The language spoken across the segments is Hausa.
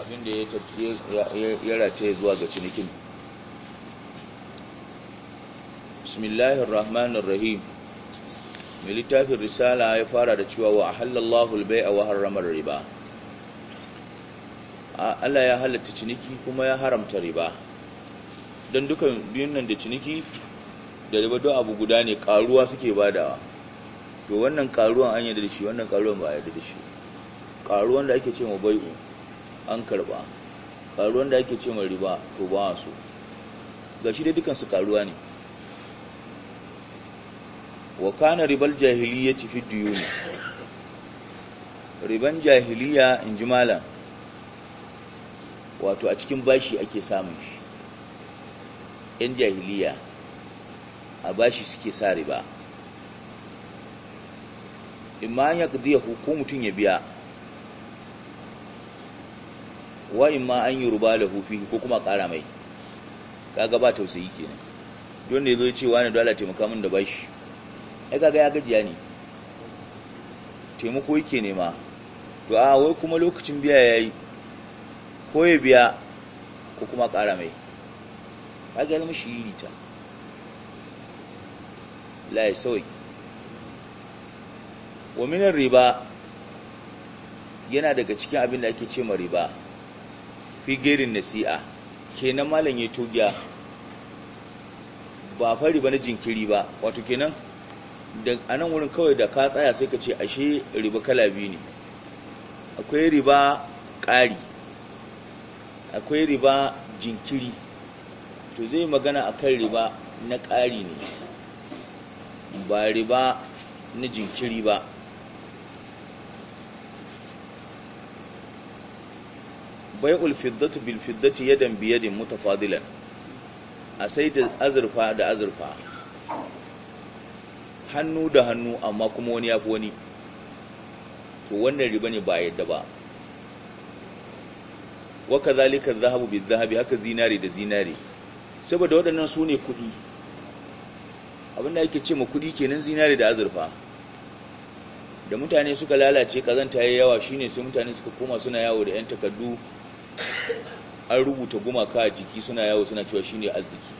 abin da ya ya zuwa ga cinikin bismillahirrahmanirrahim mai littafin risala ya fara da cewa wa halallahu albai'a wa harramar riba Allah ya halatta ciniki kuma ya haramta riba don dukan biyun nan da ciniki da riba don abu guda ne karuwa suke badawa to wannan karuwan an yadda da shi wannan karuwan ba ya da shi karuwan da ake ce ma bai'u an karba karuwan da ake ce mai riba to ba su ga shi dai dukansu karuwa ne wa kana ribal jahiliya ci fi diyuni riban jahiliya in ji malam wato a cikin bashi ake samun shi yan jahiliya a bashi suke sa riba imma ya ko mutum ya biya wa in ma an ruba da hufi ko kuma ƙara mai kaga ba tausayi kenan don da yazo ya ce ne dole taimaka min da bashi ai kaga ya gajiya ne taimako yake nema to a wai kuma lokacin biya yayi ko ya biya ko kuma ƙara mai kaga ya mishi yi ta lai ya sauyi wa minar riba yana daga cikin abin da ake ce ma riba fi gerin nasi'a kenan malam ya togiya ba fari ba na jinkiri ba wato kenan da a wurin kawai da ka tsaya sai ka ce ashe riba kala biyu ne akwai riba ƙari akwai riba jinkiri to zai magana akan riba na ƙari ne ba riba na jinkiri ba bai'ul fiddatu bil fiddati yadan bi yadin mutafadilan a sai da azurfa da azurfa hannu da hannu amma kuma wani ya fi wani to wannan riba ne ba a yadda ba waka zalika zahabu bi zahabi haka zinare da zinare saboda waɗannan su ne kuɗi abinda ake ce ma kuɗi kenan zinare da azurfa da mutane suka lalace kazanta yayi yawa shine sai mutane suka koma suna yawo da 'yan takardu an rubuta gumaka a jiki suna yawo suna cewa shine arziki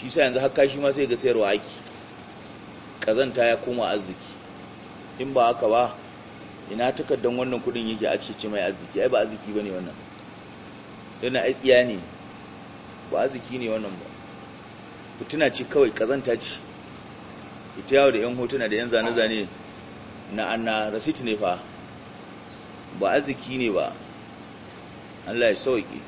shi sa yanzu haka shi ma sai ga sayarwa aiki kazanta ya koma arziki in ba haka ba ina takardar wannan kudin yake a ce mai arziki ai ba arziki ba ne wannan yana aikiya ne ba arziki ne wannan ba fituna ce kawai kazanta ce ita yawo da yan hotuna da yan zane-zane na anna rasit ne fa ba arziki ne ba Allah ya sauke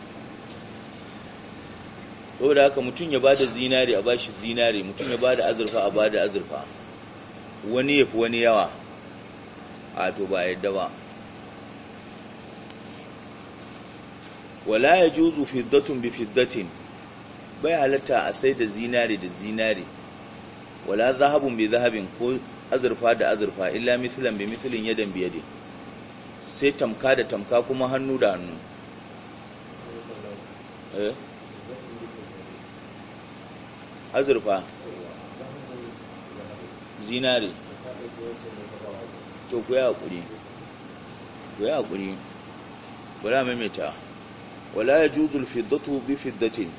saboda haka mutum ya bada zinare a bashi zinare mutum ya bada azurfa a bada azurfa wani ya fi wani yawa a to ba yadda ba wala ya juzu fiddatun bi fiddatin bai halatta a sai da zinare da zinare wala zahabun bi zahabin ko azurfa da azurfa illa mislan bi mislin yadan biyade sai tamka da tamka kuma hannu da hannu Eh? azurfa zinare to ku yi kuya ku yi haƙuri bala maimaita wala ya juzul fiddatu bi fiddatin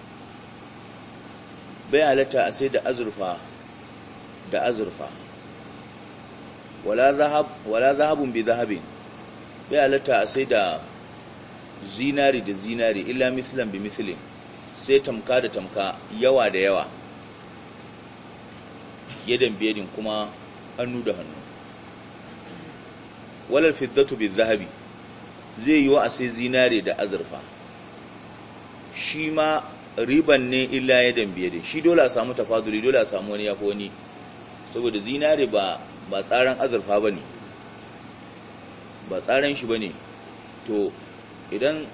bai halatta a sai da azurfa da azurfa wala zahabun bi zahabin bai halatta a sai da zinari da zinari illa mislan bi mislin sai tamka da tamka yawa da yawa yadan biyadin kuma hannu da hannu walal fiddatu bi zahabi zai yi wa a sai zinare da azurfa shi ma riban ne illa yadan biyadin shi dole a samu tafaduli dole a samu wani yafi wani saboda zinari ba ba tsaran azurfa bane ba tsaran shi bane to idan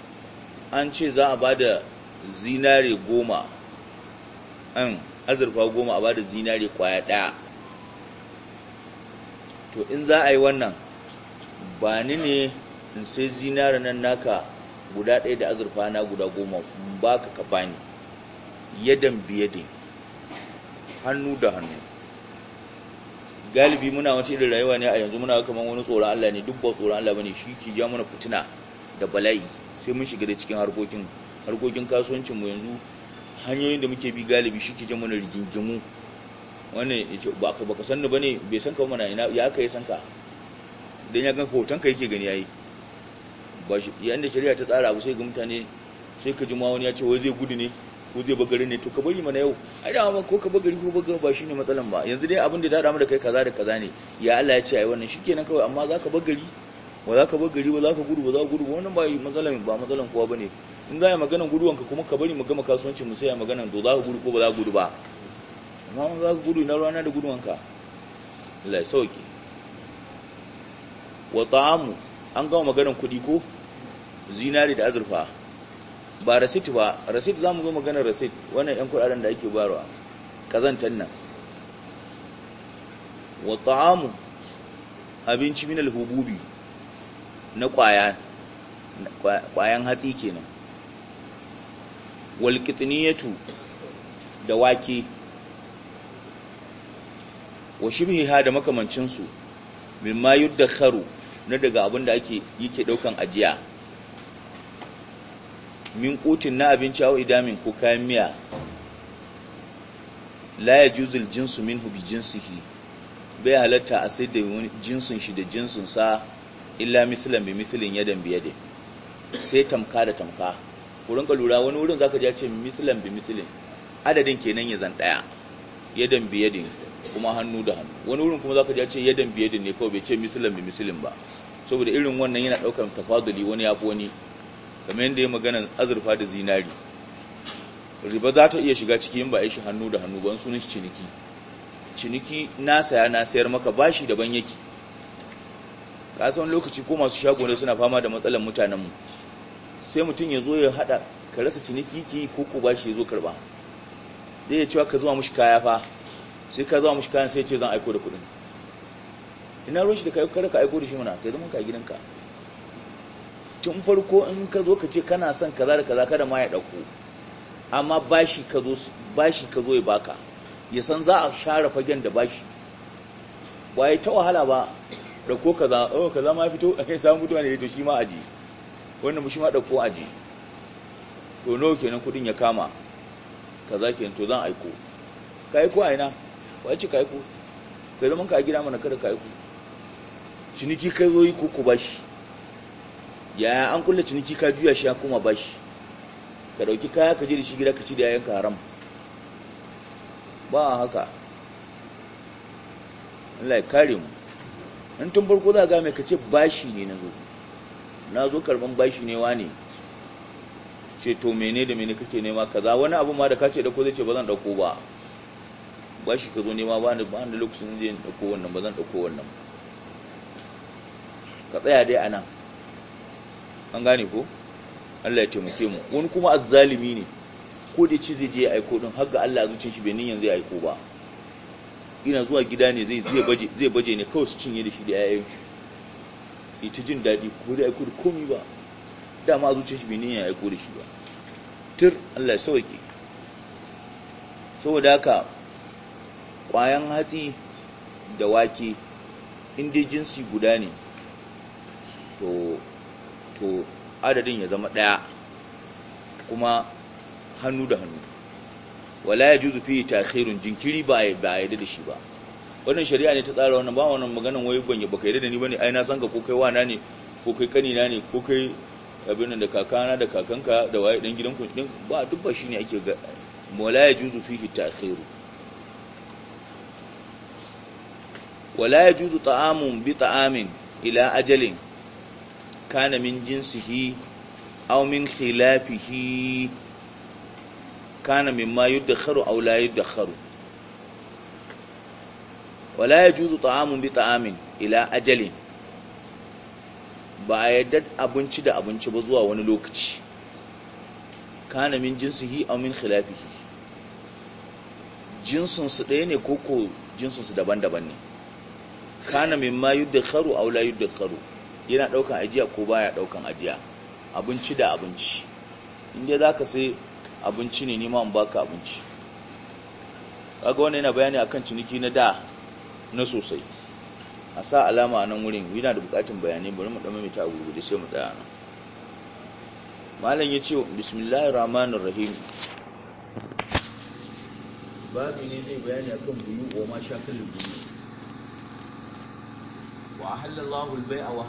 an ce za a da zinare goma an azurfa goma a bada zinare kwaya ɗaya to in za a yi wannan ba ni ne in sai zinare nan naka guda ɗaya da azurfa na guda goma ba ka ka bani yadan biyade hannu da hannu galibi muna wace irin rayuwa ne a yanzu muna kamar wani tsoron Allah ne duk ba tsoron Allah bane shi ke ja mana fitina da bala'i sai mun shiga da cikin harkokin harkokin kasuwancin mu yanzu hanyoyin da muke bi galibi shi ke jama'a rigingimu wannan ya ce ba ka baka sanni bane bai san ka mana ina ya kai san ka dan ya ga hoton ka yake gani yayi ba shi yanda shari'a ta tsara abu sai ga mutane sai ka ji wani ya ce wai zai gudu ne ko zai ba gari ne to ka bari mana yau ai da ma ko ka ba gari ko baga ba shine matsalan ba yanzu dai abin da ta da mu da kai kaza da kaza ne ya Allah ya ce ai wannan shikenan kawai amma zaka gari? ba za ka bar gari ba za ka gudu ba za ka gudu wannan ba matsalan ba matsalan kowa bane in za a yi maganan guduwanka kuma ka bari mu gama kasuwancin mu sai a maganan to za ka gudu ko ba za ka gudu ba amma mun za ka gudu na rana da guduwanka Allah ya sauke wa ta'amu an gama maganan kuɗi ko zinari da azurfa ba rasit ba rasit za mu zo maganar rasit wannan yan kuɗaɗen da ake bayarwa kazantan nan wa ta'amu abinci min al-hububi na ƙwaya ƙwayan hatsi kenan walƙitiniyatu da wake wa shibhiha da makamancinsu mimma yuddakharu na daga abin da ake yake ɗaukan ajiya min kutin na abinci aw idamin ko kayan miya la yajuzul jinsu minhu bi bai halatta a sai da jinsin shi da jinsin sa illa mislan bi mislin yadan bi yadin sai tamka da tamka ku rinka lura wani wurin zaka ji ya ce mislan bi mislin adadin kenan ya zan daya yadan bi yadin kuma hannu da hannu wani wurin kuma zaka ji ya ce yadan bi yadin ne kawai bai ce mislan bi mislin ba saboda irin wannan yana daukar tafaduli wani yafi wani kamar yadda ya magana azurfa da zinari riba za ta iya shiga ciki in ba a shi hannu da hannu ba sunan shi ciniki ciniki na saya na sayar maka bashi daban yake kasan lokaci ko masu shago ne suna fama da matsalar mutanenmu sai mutum ya zo ya haɗa ka rasa ciniki ki ko ko ba shi ya zo karɓa zai ya cewa ka zuwa mushi kaya fa sai ka zuwa mushi kayan sai ce zan aiko da kuɗin ina ruwan shi da kai kada ka aiko da shi mana kai zama ka gidanka tun farko in ka zo ka ce kana son kaza da kaza kada ma ya ɗauko amma bashi ka zo bashi ka zo ya baka ya san za a share fagen da bashi ba ya ta wahala ba dauko kaza oh kaza ma fito akai samun mutuwa ne to shi ma aji wannan shi ma dauko aji to nawa kenan kudin ya kama kaza kenan to zan aiko ka aiko a ina wace ka aiko Ka zama ka gida mana kada ka aiko ciniki kai zo yi koko bashi ya an kulle ciniki ka juya shi ya koma bashi ka dauki kaya ka je da shi gida ka ci da yayanka haram ba haka Allah ya kare mu in tun farko za ga mai ka ce bashi ne na zo na zo karban bashi ne ne ce to mene da mene kake nema kaza wani abu ma da ka ce dauko zai ce ba zan ɗauko ba bashi ka zo nema ba ni ba ni lokacin zai dauko wannan ba zan ɗauko wannan ka tsaya dai anan an gane ko Allah ya taimake mu wani kuma azzalimi ne ko da ci zai je ya aiko don har ga Allah zuciyar shi bai nin yanzu ya aiko ba ina zuwa gida ne zai baje ne kawai su cinye da shi da yayin shi ita jin daɗi ko da aiko da komi ba dama a zuciyar shi bai ne aiko da shi ba tur Allah ya sauke saboda haka ƙwayan hatsi da wake in dai jinsi guda ne to adadin ya zama ɗaya kuma hannu da hannu wala juzu fi ta'khirun jinkiri ba a yadda da shi ba wannan shari'a ne ta tsara wannan ba wannan maganan wai ban baka yarda da ni bane ai na san ka ko kai wana ne ko kai kani na ne ko kai abin da kakana da kakanka da waye dan gidan ku din ba duk ba shine ake ga wala juzu fi ta'khirun wala juzu ta'amun bi ta'amin ila ajalin kana min jinsihi aw min khilafihi kana mimma yuddakharu aw la yuddakharu wala yajuzu ta'amun bi ta'amin ila ajalin ba a yadda abinci da abinci ba zuwa wani lokaci kana min jinsihi aw min khilafihi jinsin su ɗaya ne ko ko jinsin su daban-daban ne kana mimma yuddakharu aw la yuddakharu yana daukan ajiya ko baya daukan ajiya abinci da abinci inda zaka sai abinci ne nima in baka abinci kaga wannan yana bayani akan ciniki na da na sosai a sa alama a nan wurin yana da bukatun bayanai bari mu dan maimaita abu da sai mu tsaya nan malam ya ce bismillahir rahmanir rahim babu ne zai bayani akan buyu ko ma shakalin buyu wa halallahu al-bai'a wa